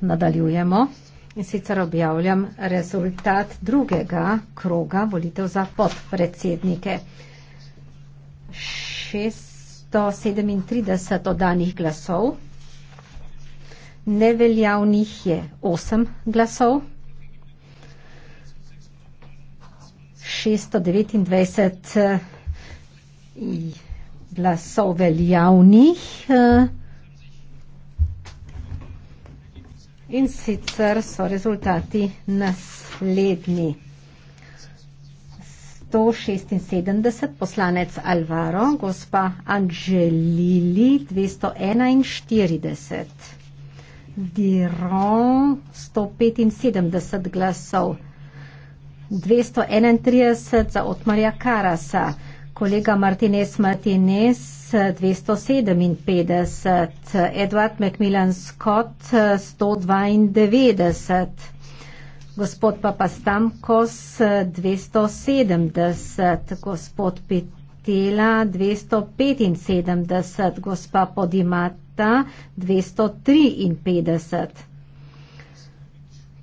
nadaljujemo. In sicer objavljam rezultat drugega kroga volitev za podpredsednike. 637 oddanih glasov, neveljavnih je 8 glasov, 629 eh, glasov veljavnih. Eh, In sicer so rezultati naslednji. 176 poslanec Alvaro, gospa Angelili 241, Diron 175 glasov, 231 za Otmarja Karasa kolega Martinez Martinez 257, Edward Macmillan Scott 192, gospod Papastamkos 270, gospod Pitela 275, gospa Podimata 253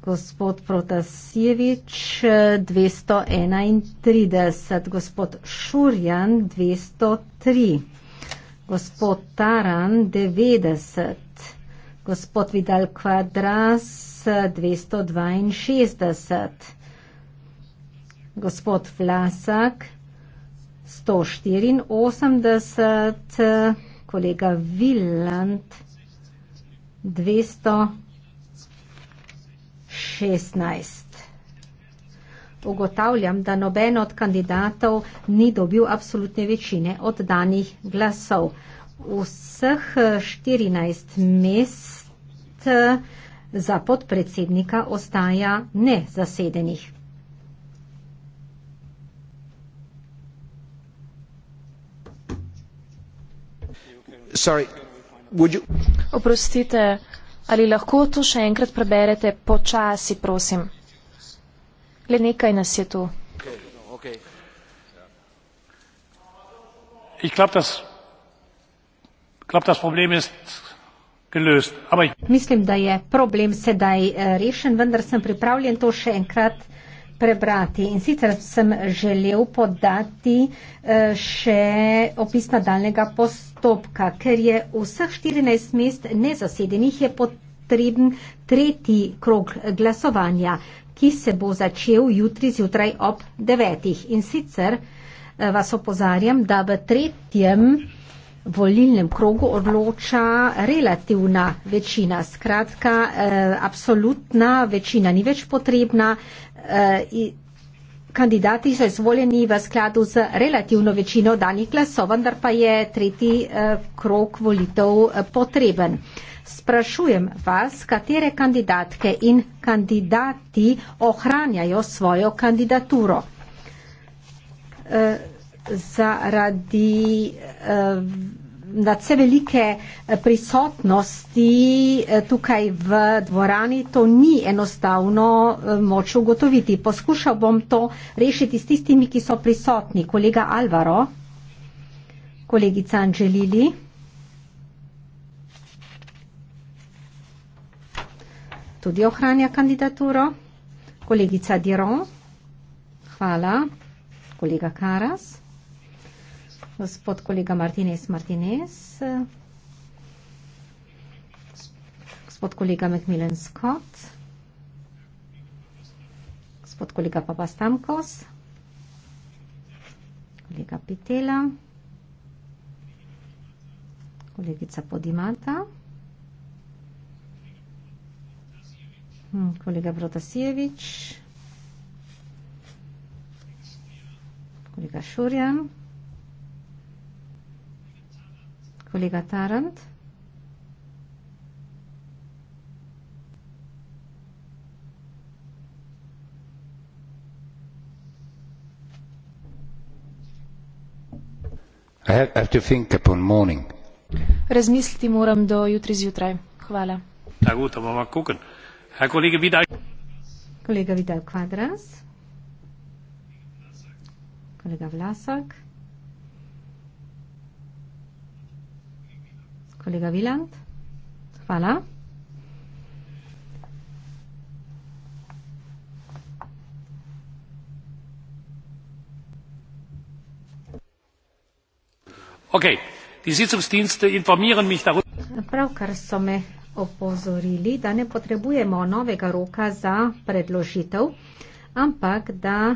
gospod Protasjevič 231, gospod Šurjan 203, gospod Taran 90, gospod Vidal Kvadras 262, gospod Vlasak 184, kolega Villand 200. 16. Ugotavljam, da noben od kandidatov ni dobil absolutne večine od danih glasov. Vseh 14 mest za podpredsednika ostaja nezasedenih. Oprostite, Ali lahko to še enkrat preberete počasi, prosim? Le nekaj nas je tu. Mislim, da je problem sedaj eh, rešen, vendar sem pripravljen to še enkrat prebrati. In sicer sem želel podati eh, še opis nadaljnega postopka, ker je vseh 14 mest nezasedenih, je potreben tretji krog glasovanja, ki se bo začel jutri zjutraj ob 9. In sicer eh, vas opozarjam, da v tretjem volilnem krogu odloča relativna večina. Skratka, eh, absolutna večina ni več potrebna. Eh, kandidati so izvoljeni v skladu z relativno večino danih glasov, vendar pa je tretji eh, krok volitev eh, potreben. Sprašujem vas, katere kandidatke in kandidati ohranjajo svojo kandidaturo. Eh, zaradi eh, nadse velike eh, prisotnosti eh, tukaj v dvorani to ni enostavno eh, moč ugotoviti. Poskušal bom to rešiti s tistimi, ki so prisotni. Kolega Alvaro, kolegica Anželili. Tudi ohranja kandidaturo. Kolegica Diron. Hvala. Kolega Karas gospod kolega Martinez Martinez, gospod kolega Macmillan Scott, gospod kolega Papastamkos, kolega Pitela, kolegica Podimata, hmm, kolega Brotasijevič, kolega Šurjan. kolega Tarant. I have to think upon morning. Razmisliti moram do jutri zjutraj. Hvala. Kolega Vidal. Kolega Vidal Kvadras. Kolega Vlasak. kolega Viland. Hvala. Pravkar so me opozorili, da ne potrebujemo novega roka za predložitev, ampak da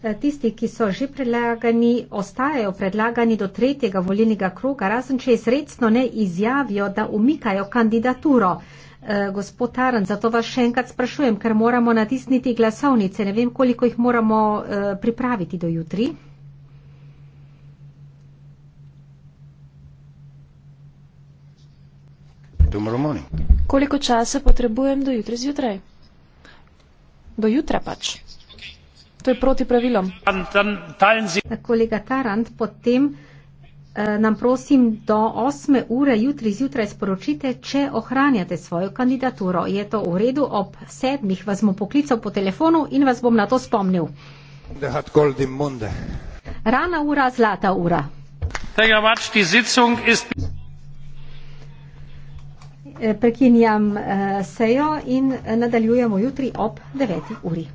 Eh, tisti, ki so že predlagani, ostajajo predlagani do tretjega volilnega kroga, razen če izredno ne izjavijo, da umikajo kandidaturo. E, gospod Taran, zato vas še enkrat sprašujem, ker moramo natisniti glasovnice. Ne vem, koliko jih moramo e, pripraviti do jutri. Koliko časa potrebujem do jutri zjutraj? Do jutra pač to je proti pravilom. Eh, kolega Tarant, potem eh, nam prosim do 8. ure jutri zjutraj sporočite, če ohranjate svojo kandidaturo. Je to v redu, ob 7. vas bom poklical po telefonu in vas bom na to spomnil. Rana ura, zlata ura. Eh, prekinjam eh, sejo in nadaljujemo jutri ob 9. uri.